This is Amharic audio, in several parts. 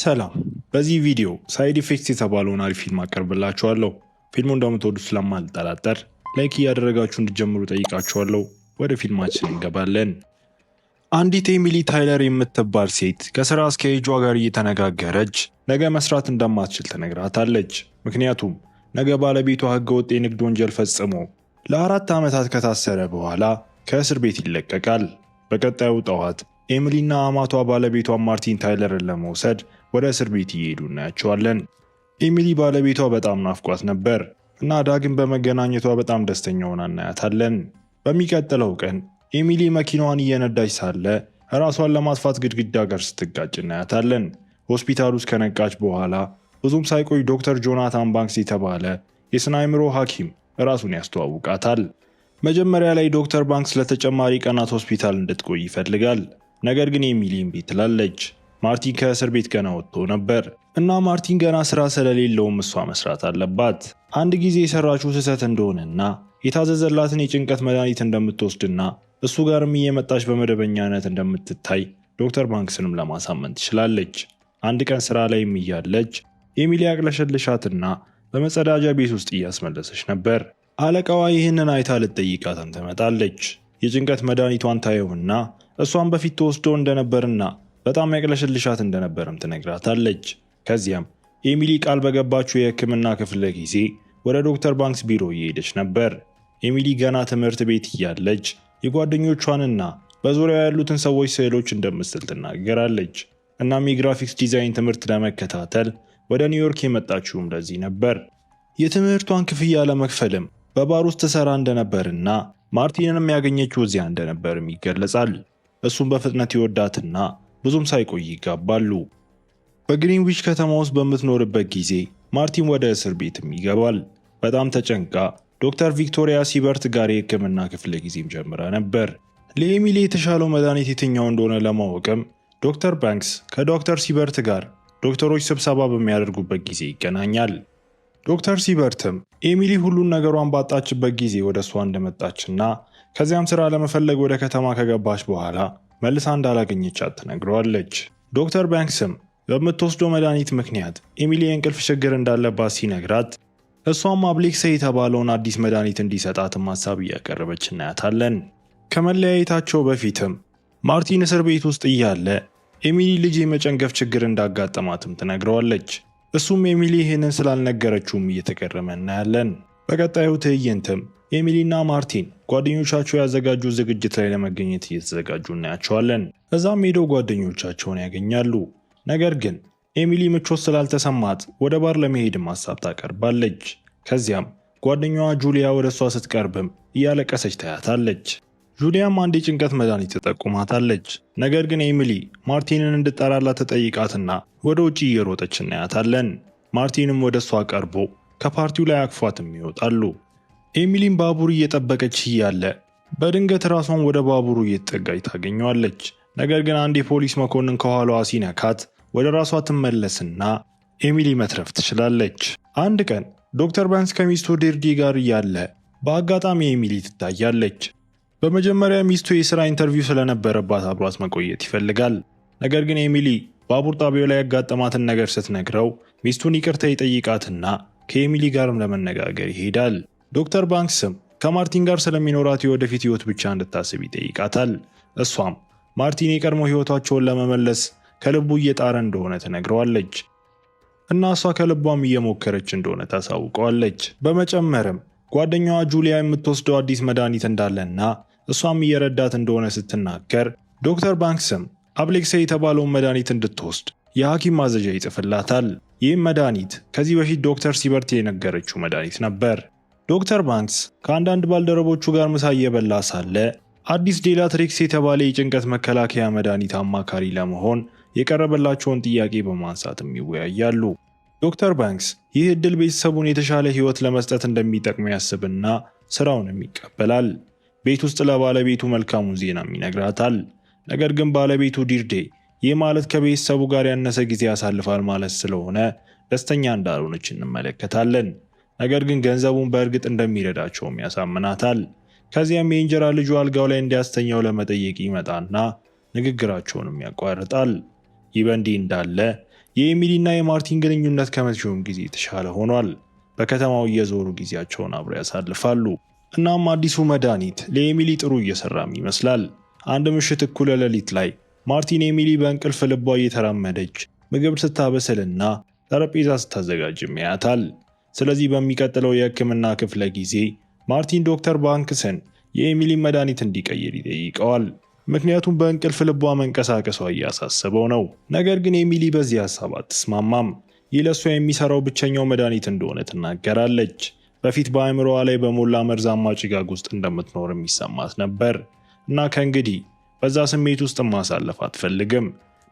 ሰላም በዚህ ቪዲዮ ሳይድ ኢፌክትስ የተባለውን አሪፍ ፊልም አቀርብላችኋለሁ። ፊልሙ እንደምትወዱት ስለማልጠራጠር ላይክ እያደረጋችሁ እንድጀምሩ ጠይቃችኋለሁ። ወደ ፊልማችን እንገባለን። አንዲት ኤሚሊ ታይለር የምትባል ሴት ከስራ አስኪያጇ ጋር እየተነጋገረች ነገ መስራት እንደማትችል ትነግራታለች። ምክንያቱም ነገ ባለቤቷ ህገወጥ የንግድ ወንጀል ፈጽሞ ለአራት ዓመታት ከታሰረ በኋላ ከእስር ቤት ይለቀቃል። በቀጣዩ ጠዋት ኤሚሊና አማቷ ባለቤቷ ማርቲን ታይለርን ለመውሰድ ወደ እስር ቤት እየሄዱ እናያቸዋለን። ኤሚሊ ባለቤቷ በጣም ናፍቋት ነበር እና ዳግም በመገናኘቷ በጣም ደስተኛ ሆና እናያታለን። በሚቀጥለው ቀን ኤሚሊ መኪናዋን እየነዳች ሳለ ራሷን ለማጥፋት ግድግዳ ጋር ስትጋጭ እናያታለን። ሆስፒታል ውስጥ ከነቃች በኋላ ብዙም ሳይቆይ ዶክተር ጆናታን ባንክስ የተባለ የስነ አእምሮ ሐኪም ራሱን ያስተዋውቃታል። መጀመሪያ ላይ ዶክተር ባንክስ ለተጨማሪ ቀናት ሆስፒታል እንድትቆይ ይፈልጋል። ነገር ግን የሚሊ እምቢ ትላለች። ማርቲን ከእስር ቤት ገና ወጥቶ ነበር እና ማርቲን ገና ስራ ስለሌለውም እሷ መስራት አለባት። አንድ ጊዜ የሰራችው ስህተት እንደሆነና የታዘዘላትን የጭንቀት መድኃኒት እንደምትወስድና እሱ ጋርም እየመጣች በመደበኛነት እንደምትታይ ዶክተር ባንክስንም ለማሳመን ትችላለች። አንድ ቀን ስራ ላይም እያለች ኤሚሊ አቅለሸልሻትና በመጸዳጃ ቤት ውስጥ እያስመለሰች ነበር። አለቃዋ ይህንን አይታ ልትጠይቃትም ትመጣለች። የጭንቀት መድኃኒቷን ታየውና እሷን በፊት ተወስዶ እንደነበርና በጣም ያቅለሽልሻት እንደነበረም ትነግራታለች። ከዚያም ኤሚሊ ቃል በገባችው የህክምና ክፍለ ጊዜ ወደ ዶክተር ባንክስ ቢሮ እየሄደች ነበር። ኤሚሊ ገና ትምህርት ቤት እያለች የጓደኞቿንና በዙሪያው ያሉትን ሰዎች ስዕሎች እንደምትስል ትናገራለች። እናም የግራፊክስ ዲዛይን ትምህርት ለመከታተል ወደ ኒውዮርክ የመጣችውም ለዚህ ነበር። የትምህርቷን ክፍያ ለመክፈልም በባር ውስጥ ትሰራ እንደነበርና ማርቲንንም ያገኘችው እዚያ እንደነበርም ይገለጻል። እሱም በፍጥነት ይወዳትና ብዙም ሳይቆይ ይጋባሉ። በግሪንዊች ከተማ ውስጥ በምትኖርበት ጊዜ ማርቲን ወደ እስር ቤትም ይገባል። በጣም ተጨንቃ ዶክተር ቪክቶሪያ ሲበርት ጋር የህክምና ክፍለ ጊዜም ጀምራ ነበር። ለኤሚሊ የተሻለው መድኃኒት የትኛው እንደሆነ ለማወቅም ዶክተር ባንክስ ከዶክተር ሲበርት ጋር ዶክተሮች ስብሰባ በሚያደርጉበት ጊዜ ይገናኛል። ዶክተር ሲበርትም ኤሚሊ ሁሉን ነገሯን ባጣችበት ጊዜ ወደ እሷ እንደመጣችና ከዚያም ስራ ለመፈለግ ወደ ከተማ ከገባች በኋላ መልሳ እንዳላገኘቻት ትነግረዋለች። ዶክተር ባንክስም በምትወስደው መድኃኒት ምክንያት ኤሚሊ የእንቅልፍ ችግር እንዳለባት ሲነግራት እሷም አብሌክሰ የተባለውን አዲስ መድኃኒት እንዲሰጣትም ሀሳብ እያቀረበች እናያታለን። ከመለያየታቸው በፊትም ማርቲን እስር ቤት ውስጥ እያለ ኤሚሊ ልጅ የመጨንገፍ ችግር እንዳጋጠማትም ትነግረዋለች። እሱም ኤሚሊ ይህንን ስላልነገረችውም እየተገረመ እናያለን። በቀጣዩ ትዕይንትም ኤሚሊና ማርቲን ጓደኞቻቸው ያዘጋጁ ዝግጅት ላይ ለመገኘት እየተዘጋጁ እናያቸዋለን። እዛም ሄደው ጓደኞቻቸውን ያገኛሉ። ነገር ግን ኤሚሊ ምቾት ስላልተሰማት ወደ ባር ለመሄድም ሀሳብ ታቀርባለች። ከዚያም ጓደኛዋ ጁሊያ ወደ እሷ ስትቀርብም እያለቀሰች ታያታለች። ጁሊያም አንድ የጭንቀት መድኃኒት ተጠቁማታለች። ነገር ግን ኤሚሊ ማርቲንን እንድጠራላት ተጠይቃትና ወደ ውጭ እየሮጠች እናያታለን። ማርቲንም ወደ እሷ ቀርቦ ከፓርቲው ላይ አቅፏትም ይወጣሉ። ኤሚሊን ባቡር እየጠበቀች እያለ በድንገት ራሷን ወደ ባቡሩ እየተጠጋች ታገኘዋለች። ነገር ግን አንድ የፖሊስ መኮንን ከኋላዋ ሲነካት ወደ ራሷ ትመለስና ኤሚሊ መትረፍ ትችላለች። አንድ ቀን ዶክተር ባንስ ከሚስቱ ዴርዲ ጋር እያለ በአጋጣሚ ኤሚሊ ትታያለች። በመጀመሪያ ሚስቱ የሥራ ኢንተርቪው ስለነበረባት አብሯት መቆየት ይፈልጋል። ነገር ግን ኤሚሊ ባቡር ጣቢያው ላይ ያጋጠማትን ነገር ስትነግረው ሚስቱን ይቅርታ ይጠይቃትና ከኤሚሊ ጋርም ለመነጋገር ይሄዳል። ዶክተር ባንክስም ከማርቲን ጋር ስለሚኖራት የወደፊት ህይወት ብቻ እንድታስብ ይጠይቃታል። እሷም ማርቲን የቀድሞ ህይወታቸውን ለመመለስ ከልቡ እየጣረ እንደሆነ ትነግረዋለች እና እሷ ከልቧም እየሞከረች እንደሆነ ታሳውቀዋለች። በመጨመርም ጓደኛዋ ጁሊያ የምትወስደው አዲስ መድኃኒት እንዳለና እሷም እየረዳት እንደሆነ ስትናገር ዶክተር ባንክስም አብሌክሳ የተባለውን መድኃኒት እንድትወስድ የሐኪም ማዘዣ ይጽፍላታል። ይህም መድኃኒት ከዚህ በፊት ዶክተር ሲበርት የነገረችው መድኃኒት ነበር። ዶክተር ባንክስ ከአንዳንድ ባልደረቦቹ ጋር ምሳ እየበላ ሳለ አዲስ ዴላትሪክስ የተባለ የጭንቀት መከላከያ መድኃኒት አማካሪ ለመሆን የቀረበላቸውን ጥያቄ በማንሳትም ይወያያሉ። ዶክተር ባንክስ ይህ ዕድል ቤተሰቡን የተሻለ ሕይወት ለመስጠት እንደሚጠቅም ያስብና ስራውንም ይቀበላል። ቤት ውስጥ ለባለቤቱ መልካሙን ዜናም ይነግራታል። ነገር ግን ባለቤቱ ዲርዴ ይህ ማለት ከቤተሰቡ ጋር ያነሰ ጊዜ ያሳልፋል ማለት ስለሆነ ደስተኛ እንዳልሆነች እንመለከታለን። ነገር ግን ገንዘቡን በእርግጥ እንደሚረዳቸውም ያሳምናታል። ከዚያም የእንጀራ ልጁ አልጋው ላይ እንዲያስተኛው ለመጠየቅ ይመጣና ንግግራቸውንም ያቋርጣል። ይህ በእንዲህ እንዳለ የኤሚሊና የማርቲን ግንኙነት ከመቼውም ጊዜ የተሻለ ሆኗል። በከተማው እየዞሩ ጊዜያቸውን አብረው ያሳልፋሉ። እናም አዲሱ መድኃኒት ለኤሚሊ ጥሩ እየሰራም ይመስላል። አንድ ምሽት እኩለ ሌሊት ላይ ማርቲን ኤሚሊ በእንቅልፍ ልቧ እየተራመደች ምግብ ስታበስልና ጠረጴዛ ስታዘጋጅም ያያታል። ስለዚህ በሚቀጥለው የህክምና ክፍለ ጊዜ ማርቲን ዶክተር ባንክስን የኤሚሊን መድኃኒት እንዲቀይር ይጠይቀዋል። ምክንያቱም በእንቅልፍ ልቧ መንቀሳቀሷ እያሳሰበው ነው። ነገር ግን ኤሚሊ በዚህ ሀሳብ አትስማማም። ይህ ለእሷ የሚሰራው ብቸኛው መድኃኒት እንደሆነ ትናገራለች። በፊት በአእምሮዋ ላይ በሞላ መርዛማ ጭጋግ ውስጥ እንደምትኖር የሚሰማት ነበር እና ከእንግዲህ በዛ ስሜት ውስጥ ማሳለፍ አትፈልግም።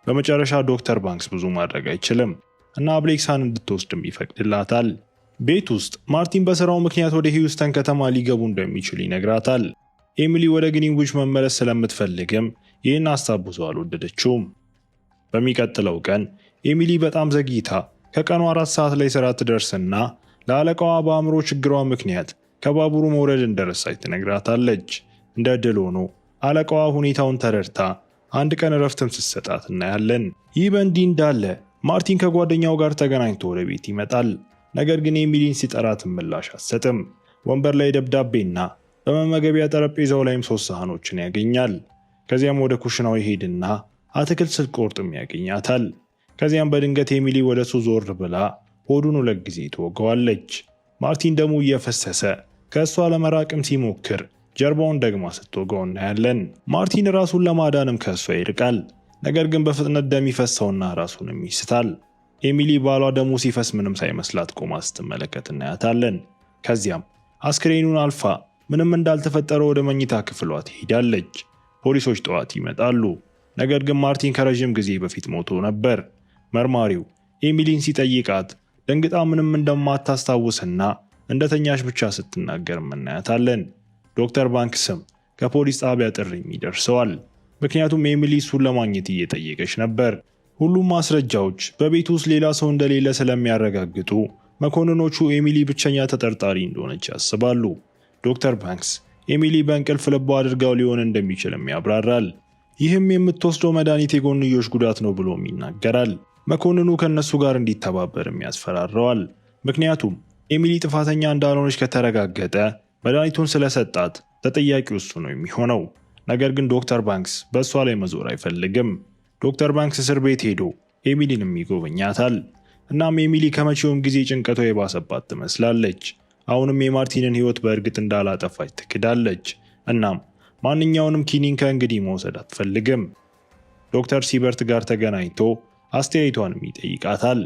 በመጨረሻ ዶክተር ባንክስ ብዙ ማድረግ አይችልም እና አብሌክሳን እንድትወስድም ይፈቅድላታል። ቤት ውስጥ ማርቲን በስራው ምክንያት ወደ ሂውስተን ከተማ ሊገቡ እንደሚችሉ ይነግራታል። ኤሚሊ ወደ ግኒንዊች መመለስ ስለምትፈልግም ይህን ሀሳብ ብዙ አልወደደችውም። በሚቀጥለው ቀን ኤሚሊ በጣም ዘግይታ ከቀኑ አራት ሰዓት ላይ ሥራ ትደርስና ለአለቃዋ በአእምሮ ችግሯ ምክንያት ከባቡሩ መውረድ እንደረሳች ትነግራታለች። እንደ ዕድል ሆኖ አለቃዋ ሁኔታውን ተረድታ አንድ ቀን እረፍትም ስትሰጣት እናያለን። ይህ በእንዲህ እንዳለ ማርቲን ከጓደኛው ጋር ተገናኝቶ ወደ ቤት ይመጣል። ነገር ግን ኤሚሊን ሲጠራት ምላሽ አትሰጥም። ወንበር ላይ ደብዳቤና በመመገቢያ ጠረጴዛው ላይም ሶስት ሳህኖችን ያገኛል። ከዚያም ወደ ኩሽናው ይሄድና አትክልት ስትቆርጥም ያገኛታል። ከዚያም በድንገት ኤሚሊ ወደ እሱ ዞር ብላ ሆዱን ሁለት ጊዜ ትወገዋለች። ማርቲን ደሙ እየፈሰሰ ከእሷ ለመራቅም ሲሞክር ጀርባውን ደግማ ስትወጋው እናያለን። ማርቲን ራሱን ለማዳንም ከሷ ይርቃል። ነገር ግን በፍጥነት ደም ይፈሰውና ራሱንም ይስታል። ኤሚሊ ባሏ ደሙ ሲፈስ ምንም ሳይመስላት ቆማ ስትመለከት እናያታለን። ከዚያም አስክሬኑን አልፋ ምንም እንዳልተፈጠረ ወደ መኝታ ክፍሏ ትሄዳለች። ፖሊሶች ጠዋት ይመጣሉ። ነገር ግን ማርቲን ከረዥም ጊዜ በፊት ሞቶ ነበር። መርማሪው ኤሚሊን ሲጠይቃት ደንግጣ ምንም እንደማታስታውስና እንደተኛሽ ብቻ ስትናገር እናያታለን። ዶክተር ባንክ ስም ከፖሊስ ጣቢያ ጥሪም ይደርሰዋል። ምክንያቱም ኤሚሊ እሱን ለማግኘት እየጠየቀች ነበር። ሁሉም ማስረጃዎች በቤት ውስጥ ሌላ ሰው እንደሌለ ስለሚያረጋግጡ መኮንኖቹ ኤሚሊ ብቸኛ ተጠርጣሪ እንደሆነች ያስባሉ። ዶክተር ባንክስ ኤሚሊ በእንቅልፍ ልቧ አድርጋው ሊሆን እንደሚችልም ያብራራል። ይህም የምትወስደው መድኃኒት የጎንዮሽ ጉዳት ነው ብሎም ይናገራል። መኮንኑ ከእነሱ ጋር እንዲተባበርም ያስፈራረዋል። ምክንያቱም ኤሚሊ ጥፋተኛ እንዳልሆነች ከተረጋገጠ መድኃኒቱን ስለሰጣት ተጠያቂው እሱ ነው የሚሆነው። ነገር ግን ዶክተር ባንክስ በእሷ ላይ መዞር አይፈልግም። ዶክተር ባንክስ እስር ቤት ሄዶ ኤሚሊንም ይጎበኛታል። እናም ኤሚሊ ከመቼውም ጊዜ ጭንቀቷ የባሰባት ትመስላለች። አሁንም የማርቲንን ሕይወት በእርግጥ እንዳላጠፋች ትክዳለች። እናም ማንኛውንም ኪኒን ከእንግዲህ መውሰድ አትፈልግም። ዶክተር ሲበርት ጋር ተገናኝቶ አስተያየቷንም ይጠይቃታል።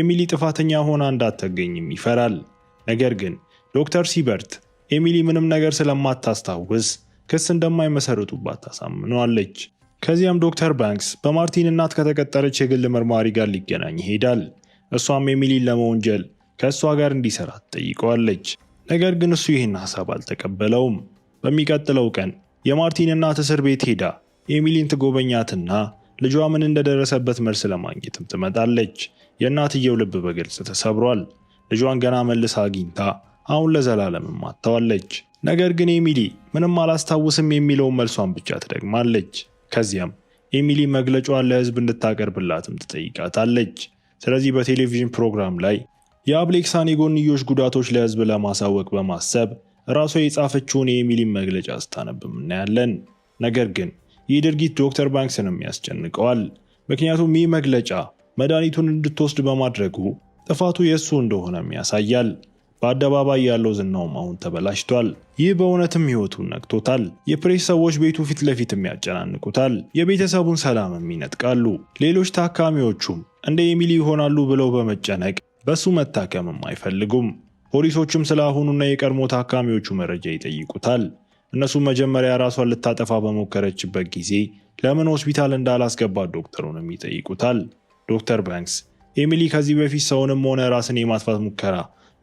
ኤሚሊ ጥፋተኛ ሆና እንዳትገኝም ይፈራል። ነገር ግን ዶክተር ሲበርት ኤሚሊ ምንም ነገር ስለማታስታውስ ክስ እንደማይመሰርቱባት ታሳምነዋለች። ከዚያም ዶክተር ባንክስ በማርቲን እናት ከተቀጠረች የግል መርማሪ ጋር ሊገናኝ ይሄዳል። እሷም ኤሚሊን ለመወንጀል ከእሷ ጋር እንዲሰራ ትጠይቀዋለች። ነገር ግን እሱ ይህን ሀሳብ አልተቀበለውም። በሚቀጥለው ቀን የማርቲን እናት እስር ቤት ሄዳ ኤሚሊን ትጎበኛትና ልጇ ምን እንደደረሰበት መልስ ለማግኘትም ትመጣለች። የእናትየው ልብ በግልጽ ተሰብሯል። ልጇን ገና መልሳ አግኝታ አሁን ለዘላለምም አጥተዋለች። ነገር ግን ኤሚሊ ምንም አላስታውስም የሚለውን መልሷን ብቻ ትደግማለች። ከዚያም ኤሚሊ መግለጫዋን ለህዝብ እንድታቀርብላትም ትጠይቃታለች። ስለዚህ በቴሌቪዥን ፕሮግራም ላይ የአብሌክሳን የጎንዮሽ ጉዳቶች ለህዝብ ለማሳወቅ በማሰብ ራሷ የጻፈችውን የኤሚሊን መግለጫ ስታነብም እናያለን። ነገር ግን ይህ ድርጊት ዶክተር ባንክስንም ያስጨንቀዋል። ምክንያቱም ይህ መግለጫ መድኃኒቱን እንድትወስድ በማድረጉ ጥፋቱ የእሱ እንደሆነም ያሳያል። በአደባባይ ያለው ዝናውም አሁን ተበላሽቷል። ይህ በእውነትም ህይወቱን ነቅቶታል። የፕሬስ ሰዎች ቤቱ ፊት ለፊትም ያጨናንቁታል፣ የቤተሰቡን ሰላምም ይነጥቃሉ። ሌሎች ታካሚዎቹም እንደ ኤሚሊ ይሆናሉ ብለው በመጨነቅ በሱ መታከምም አይፈልጉም። ፖሊሶቹም ስለ አሁኑና የቀድሞ ታካሚዎቹ መረጃ ይጠይቁታል። እነሱ መጀመሪያ ራሷን ልታጠፋ በሞከረችበት ጊዜ ለምን ሆስፒታል እንዳላስገባት ዶክተሩንም ይጠይቁታል። ዶክተር ባንክስ ኤሚሊ ከዚህ በፊት ሰውንም ሆነ ራስን የማጥፋት ሙከራ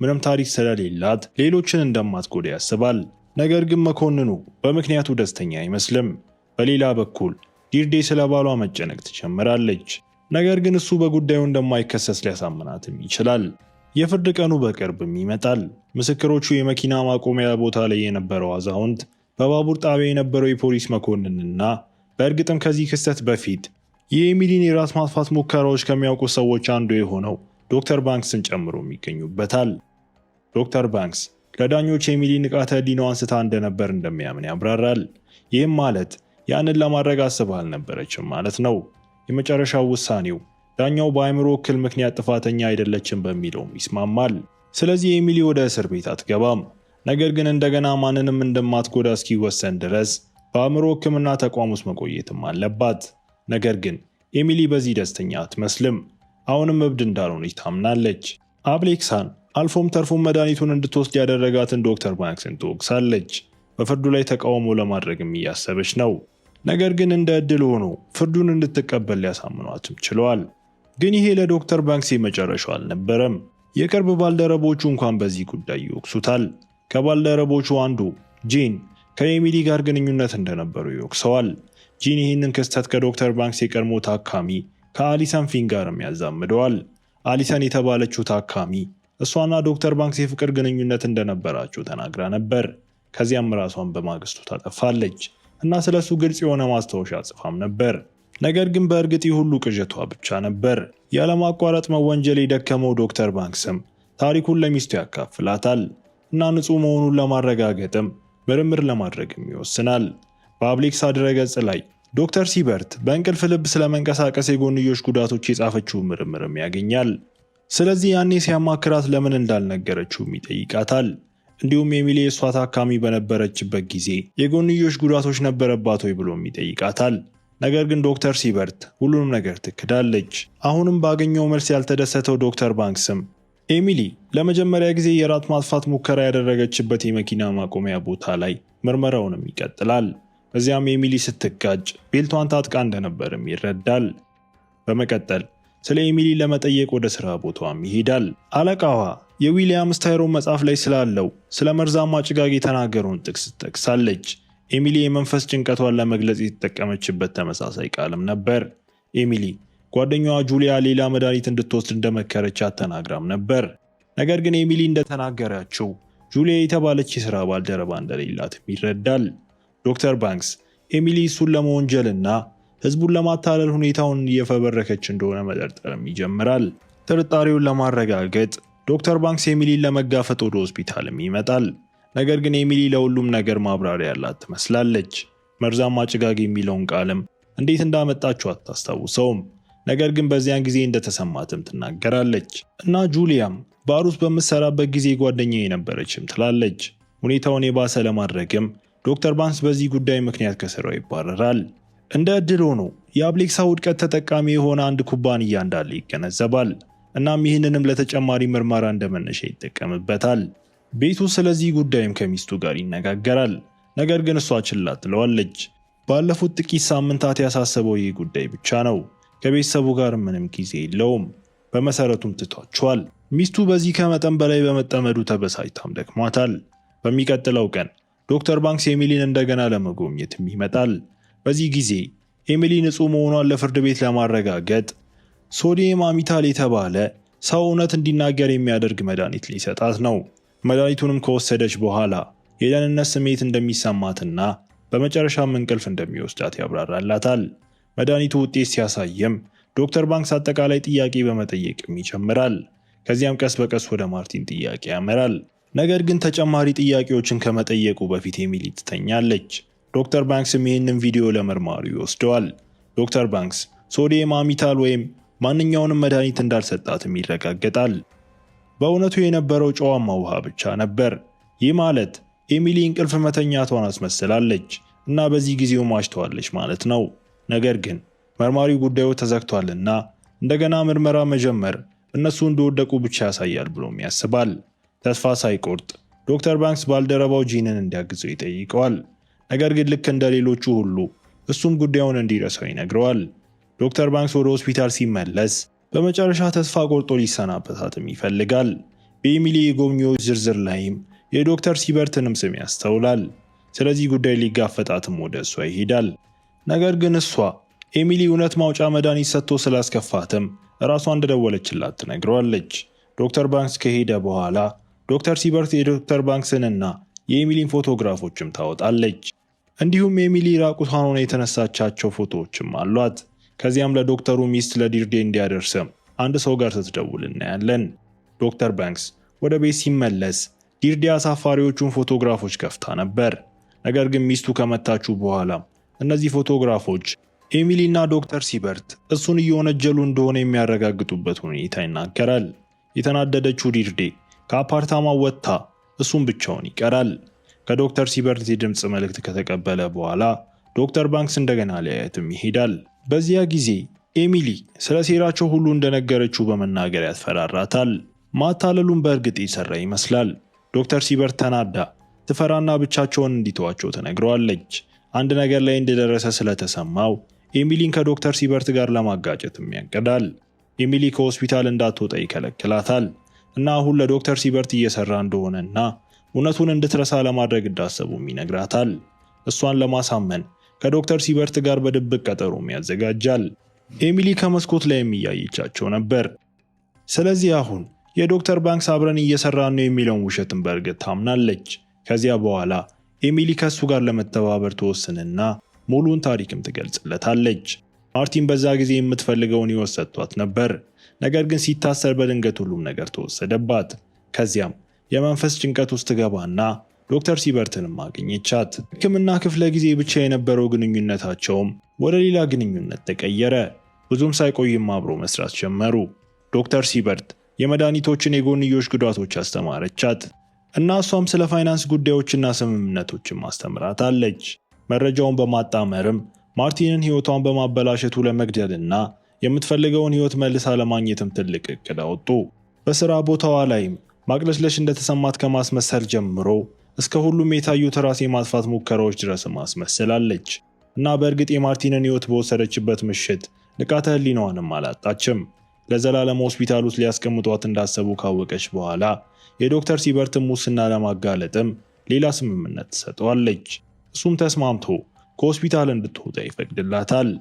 ምንም ታሪክ ስለሌላት ሌሎችን እንደማትጎዳ ያስባል። ነገር ግን መኮንኑ በምክንያቱ ደስተኛ አይመስልም። በሌላ በኩል ዲርዴ ስለ ባሏ መጨነቅ ትጀምራለች። ነገር ግን እሱ በጉዳዩ እንደማይከሰስ ሊያሳምናትም ይችላል። የፍርድ ቀኑ በቅርብም ይመጣል። ምስክሮቹ የመኪና ማቆሚያ ቦታ ላይ የነበረው አዛውንት፣ በባቡር ጣቢያ የነበረው የፖሊስ መኮንንና በእርግጥም ከዚህ ክስተት በፊት የኤሚሊን የራስ ማጥፋት ሙከራዎች ከሚያውቁ ሰዎች አንዱ የሆነው ዶክተር ባንክስን ጨምሮ ይገኙበታል። ዶክተር ባንክስ ለዳኞች የሚሊ ንቃተ ህሊናዋ አንስታ እንደነበር እንደሚያምን ያብራራል። ይህም ማለት ያንን ለማድረግ አስባ አልነበረችም ማለት ነው። የመጨረሻው ውሳኔው ዳኛው በአእምሮ እክል ምክንያት ጥፋተኛ አይደለችም በሚለውም ይስማማል። ስለዚህ የሚሊ ወደ እስር ቤት አትገባም። ነገር ግን እንደገና ማንንም እንደማትጎዳ እስኪወሰን ድረስ በአእምሮ ህክምና ተቋም ውስጥ መቆየትም አለባት። ነገር ግን ኤሚሊ በዚህ ደስተኛ አትመስልም። አሁንም እብድ እንዳልሆነች ታምናለች። አብሌክሳን አልፎም ተርፎም መድኃኒቱን እንድትወስድ ያደረጋትን ዶክተር ባንክስን ትወቅሳለች። በፍርዱ ላይ ተቃውሞ ለማድረግም እያሰበች ነው። ነገር ግን እንደ እድል ሆኖ ፍርዱን እንድትቀበል ሊያሳምኗትም ችለዋል። ግን ይሄ ለዶክተር ባንክስ መጨረሻው አልነበረም። የቅርብ ባልደረቦቹ እንኳን በዚህ ጉዳይ ይወቅሱታል። ከባልደረቦቹ አንዱ ጂን ከኤሚሊ ጋር ግንኙነት እንደነበሩ ይወቅሰዋል። ጂን ይህንን ክስተት ከዶክተር ባንክስ የቀድሞ ታካሚ ከአሊሰን ፊን ጋርም ያዛምደዋል። አሊሰን የተባለችው ታካሚ እሷና ዶክተር ባንክስ የፍቅር ግንኙነት እንደነበራቸው ተናግራ ነበር። ከዚያም ራሷን በማግስቱ ታጠፋለች እና ስለሱ ግልጽ የሆነ ማስታወሻ ጽፋም ነበር። ነገር ግን በእርግጥ ሁሉ ቅዠቷ ብቻ ነበር። ያለማቋረጥ መወንጀል የደከመው ዶክተር ባንክስም ታሪኩን ለሚስቱ ያካፍላታል እና ንጹህ መሆኑን ለማረጋገጥም ምርምር ለማድረግም ይወስናል። በአብሌክስ ድረገጽ ላይ ዶክተር ሲበርት በእንቅልፍ ልብ ስለመንቀሳቀስ የጎንዮሽ ጉዳቶች የጻፈችውን ምርምርም ያገኛል። ስለዚህ ያኔ ሲያማክራት ለምን እንዳልነገረችውም ይጠይቃታል። እንዲሁም የሚሌ የእሷ ታካሚ በነበረችበት ጊዜ የጎንዮሽ ጉዳቶች ነበረባት ወይ ብሎም ይጠይቃታል። ነገር ግን ዶክተር ሲበርት ሁሉንም ነገር ትክዳለች። አሁንም ባገኘው መልስ ያልተደሰተው ዶክተር ባንክስም ኤሚሊ ለመጀመሪያ ጊዜ የራት ማጥፋት ሙከራ ያደረገችበት የመኪና ማቆሚያ ቦታ ላይ ምርመራውንም ይቀጥላል። እዚያም ኤሚሊ ስትጋጭ ቤልቷን ታጥቃ እንደነበርም ይረዳል። በመቀጠል ስለ ኤሚሊ ለመጠየቅ ወደ ስራ ቦታዋም ይሄዳል። አለቃዋ የዊሊያም ስታይሮን መጽሐፍ ላይ ስላለው ስለ መርዛማ ጭጋግ የተናገረውን ጥቅስ ትጠቅሳለች። ኤሚሊ የመንፈስ ጭንቀቷን ለመግለጽ የተጠቀመችበት ተመሳሳይ ቃልም ነበር። ኤሚሊ ጓደኛዋ ጁሊያ ሌላ መድኃኒት እንድትወስድ እንደመከረች አተናግራም ነበር። ነገር ግን ኤሚሊ እንደተናገራቸው ጁሊያ የተባለች የሥራ ባልደረባ እንደሌላትም ይረዳል። ዶክተር ባንክስ ኤሚሊ እሱን ለመወንጀልና ህዝቡን ለማታለል ሁኔታውን እየፈበረከች እንደሆነ መጠርጠርም ይጀምራል። ጥርጣሬውን ለማረጋገጥ ዶክተር ባንክስ ኤሚሊን ለመጋፈጥ ወደ ሆስፒታልም ይመጣል። ነገር ግን ኤሚሊ ለሁሉም ነገር ማብራሪያ ያላት ትመስላለች። መርዛማ ጭጋግ የሚለውን ቃልም እንዴት እንዳመጣችው አታስታውሰውም። ነገር ግን በዚያን ጊዜ እንደተሰማትም ትናገራለች እና ጁሊያም ባሩስ በምትሰራበት ጊዜ ጓደኛ የነበረችም ትላለች። ሁኔታውን የባሰ ለማድረግም ዶክተር ባንክስ በዚህ ጉዳይ ምክንያት ከስራው ይባረራል። እንደ እድል ሆኖ የአብሌክሳ ውድቀት ተጠቃሚ የሆነ አንድ ኩባንያ እንዳለ ይገነዘባል። እናም ይህንንም ለተጨማሪ ምርመራ እንደመነሻ ይጠቀምበታል። ቤቱ ስለዚህ ጉዳይም ከሚስቱ ጋር ይነጋገራል። ነገር ግን እሷ ችላ ትለዋለች። ባለፉት ጥቂት ሳምንታት ያሳሰበው ይህ ጉዳይ ብቻ ነው። ከቤተሰቡ ጋር ምንም ጊዜ የለውም። በመሰረቱም ትቷቸዋል። ሚስቱ በዚህ ከመጠን በላይ በመጠመዱ ተበሳጭታም ደክሟታል። በሚቀጥለው ቀን ዶክተር ባንክስ የሚሊን እንደገና ለመጎብኘትም ይመጣል። በዚህ ጊዜ ኤሚሊ ንጹህ መሆኗን ለፍርድ ቤት ለማረጋገጥ ሶዲየም አሚታል የተባለ ሰው እውነት እንዲናገር የሚያደርግ መድኃኒት ሊሰጣት ነው። መድኃኒቱንም ከወሰደች በኋላ የደህንነት ስሜት እንደሚሰማትና በመጨረሻም እንቅልፍ እንደሚወስዳት ያብራራላታል። መድኃኒቱ ውጤት ሲያሳይም ዶክተር ባንክስ አጠቃላይ ጥያቄ በመጠየቅም ይጀምራል። ከዚያም ቀስ በቀስ ወደ ማርቲን ጥያቄ ያመራል። ነገር ግን ተጨማሪ ጥያቄዎችን ከመጠየቁ በፊት ኤሚሊ ትተኛለች። ዶክተር ባንክስም ይህንን ቪዲዮ ለመርማሪ ይወስደዋል። ዶክተር ባንክስ ሶዲየም አሚታል ወይም ማንኛውንም መድኃኒት እንዳልሰጣትም ይረጋገጣል። በእውነቱ የነበረው ጨዋማ ውሃ ብቻ ነበር። ይህ ማለት ኤሚሊ እንቅልፍ መተኛቷን አስመስላለች እና በዚህ ጊዜው ማሽተዋለች ማለት ነው። ነገር ግን መርማሪ ጉዳዩ ተዘግቷልና እንደገና ምርመራ መጀመር እነሱ እንደወደቁ ብቻ ያሳያል ብሎም ያስባል። ተስፋ ሳይቆርጥ ዶክተር ባንክስ ባልደረባው ጂንን እንዲያግዘው ይጠይቀዋል። ነገር ግን ልክ እንደ ሌሎቹ ሁሉ እሱም ጉዳዩን እንዲረሳው ይነግረዋል። ዶክተር ባንክስ ወደ ሆስፒታል ሲመለስ በመጨረሻ ተስፋ ቆርጦ ሊሰናበታትም ይፈልጋል። በኤሚሊ የጎብኚዎች ዝርዝር ላይም የዶክተር ሲበርትንም ስም ያስተውላል። ስለዚህ ጉዳይ ሊጋፈጣትም ወደ እሷ ይሄዳል። ነገር ግን እሷ ኤሚሊ እውነት ማውጫ መድኃኒት ሰጥቶ ስላስከፋትም እራሷ እንደደወለችላት ትነግረዋለች። ዶክተር ባንክስ ከሄደ በኋላ ዶክተር ሲበርት የዶክተር ባንክስንና የኤሚሊን ፎቶግራፎችም ታወጣለች። እንዲሁም የሚሊ ራቁቷን ሆና የተነሳቻቸው ፎቶዎችም አሏት። ከዚያም ለዶክተሩ ሚስት ለዲርዴ እንዲያደርስም አንድ ሰው ጋር ስትደውል እናያለን። ዶክተር ባንክስ ወደ ቤት ሲመለስ ዲርዴ አሳፋሪዎቹን ፎቶግራፎች ከፍታ ነበር። ነገር ግን ሚስቱ ከመታችሁ በኋላ እነዚህ ፎቶግራፎች እና ዶክተር ሲበርት እሱን እየወነጀሉ እንደሆነ የሚያረጋግጡበት ሁኔታ ይናገራል። የተናደደችው ዲርዴ ከአፓርታማ ወጥታ እሱን ብቻውን ይቀራል። ከዶክተር ሲበርት የድምፅ መልእክት ከተቀበለ በኋላ ዶክተር ባንክስ እንደገና ሊያየትም ይሄዳል። በዚያ ጊዜ ኤሚሊ ስለ ሴራቸው ሁሉ እንደነገረችው በመናገር ያስፈራራታል። ማታለሉን በእርግጥ የሰራ ይመስላል። ዶክተር ሲበርት ተናዳ ትፈራና ብቻቸውን እንዲተዋቸው ትነግረዋለች። አንድ ነገር ላይ እንደደረሰ ስለተሰማው ኤሚሊን ከዶክተር ሲበርት ጋር ለማጋጨትም ያቅዳል። ኤሚሊ ከሆስፒታል እንዳትወጣ ይከለክላታል እና አሁን ለዶክተር ሲበርት እየሰራ እንደሆነና እውነቱን እንድትረሳ ለማድረግ እንዳሰቡም ይነግራታል። እሷን ለማሳመን ከዶክተር ሲበርት ጋር በድብቅ ቀጠሮም ያዘጋጃል። ኤሚሊ ከመስኮት ላይ የሚያይቻቸው ነበር። ስለዚህ አሁን የዶክተር ባንክስ አብረን እየሰራን ነው የሚለውን ውሸትን በእርግጥ ታምናለች። ከዚያ በኋላ ኤሚሊ ከእሱ ጋር ለመተባበር ትወስንና ሙሉን ታሪክም ትገልጽለታለች። ማርቲን በዛ ጊዜ የምትፈልገውን ሕይወት ሰጥቷት ነበር። ነገር ግን ሲታሰር በድንገት ሁሉም ነገር ተወሰደባት። ከዚያም የመንፈስ ጭንቀት ውስጥ ገባና ዶክተር ሲበርትንም አገኘቻት። ሕክምና ክፍለ ጊዜ ብቻ የነበረው ግንኙነታቸውም ወደ ሌላ ግንኙነት ተቀየረ። ብዙም ሳይቆይም አብሮ መስራት ጀመሩ። ዶክተር ሲበርት የመድኃኒቶችን የጎንዮሽ ጉዳቶች አስተማረቻት እና እሷም ስለ ፋይናንስ ጉዳዮችና ማስተምራት አለች። መረጃውን በማጣመርም ማርቲንን ህይወቷን በማበላሸቱ ለመግደልና የምትፈልገውን ህይወት መልሳ ለማግኘትም ትልቅ እቅድ አወጡ። በስራ ቦታዋ ላይም ማቅለሽለሽ እንደተሰማት ከማስመሰል ጀምሮ እስከ ሁሉም የታዩት ራስ የማጥፋት ሙከራዎች ድረስ ማስመስላለች እና በእርግጥ የማርቲንን ህይወት በወሰደችበት ምሽት ንቃተ ሕሊናዋንም አላጣችም። ለዘላለም ሆስፒታል ውስጥ ሊያስቀምጧት እንዳሰቡ ካወቀች በኋላ የዶክተር ሲበርትን ሙስና ለማጋለጥም ሌላ ስምምነት ትሰጠዋለች። እሱም ተስማምቶ ከሆስፒታል እንድትወጣ ይፈቅድላታል።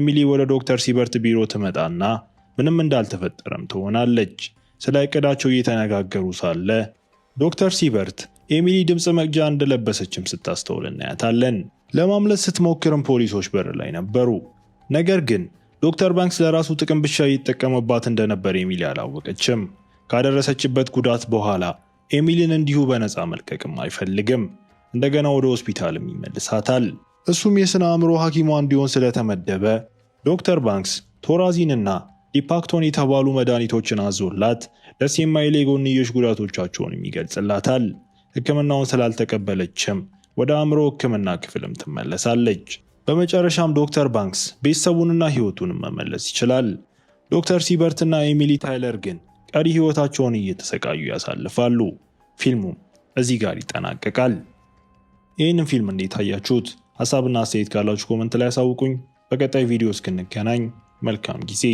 ኤሚሊ ወደ ዶክተር ሲበርት ቢሮ ትመጣና ምንም እንዳልተፈጠረም ትሆናለች። ስለ እቅዳቸው እየተነጋገሩ ሳለ ዶክተር ሲበርት ኤሚሊ ድምፅ መቅጃ እንደለበሰችም ስታስተውል እናያታለን። ለማምለስ ስትሞክርም ፖሊሶች በር ላይ ነበሩ። ነገር ግን ዶክተር ባንክስ ለራሱ ጥቅም ብቻ እየተጠቀመባት እንደነበር ኤሚሊ አላወቀችም። ካደረሰችበት ጉዳት በኋላ ኤሚሊን እንዲሁ በነፃ መልቀቅም አይፈልግም። እንደገና ወደ ሆስፒታልም ይመልሳታል። እሱም የሥነ አእምሮ ሐኪሟ እንዲሆን ስለተመደበ ዶክተር ባንክስ ቶራዚንና ዲፓክቶን የተባሉ መድኃኒቶችን አዞላት ደስ የማይል የጎንዮሽ ጉዳቶቻቸውን ይገልጽላታል። ሕክምናውን ስላልተቀበለችም ወደ አእምሮ ሕክምና ክፍልም ትመለሳለች። በመጨረሻም ዶክተር ባንክስ ቤተሰቡንና ህይወቱንም መመለስ ይችላል። ዶክተር ሲበርትና ኤሚሊ ታይለር ግን ቀሪ ህይወታቸውን እየተሰቃዩ ያሳልፋሉ። ፊልሙም እዚህ ጋር ይጠናቀቃል። ይህንን ፊልም እንዴት አያችሁት? ሀሳብና አስተያየት ካላችሁ ኮመንት ላይ ያሳውቁኝ። በቀጣይ ቪዲዮ እስክንገናኝ መልካም ጊዜ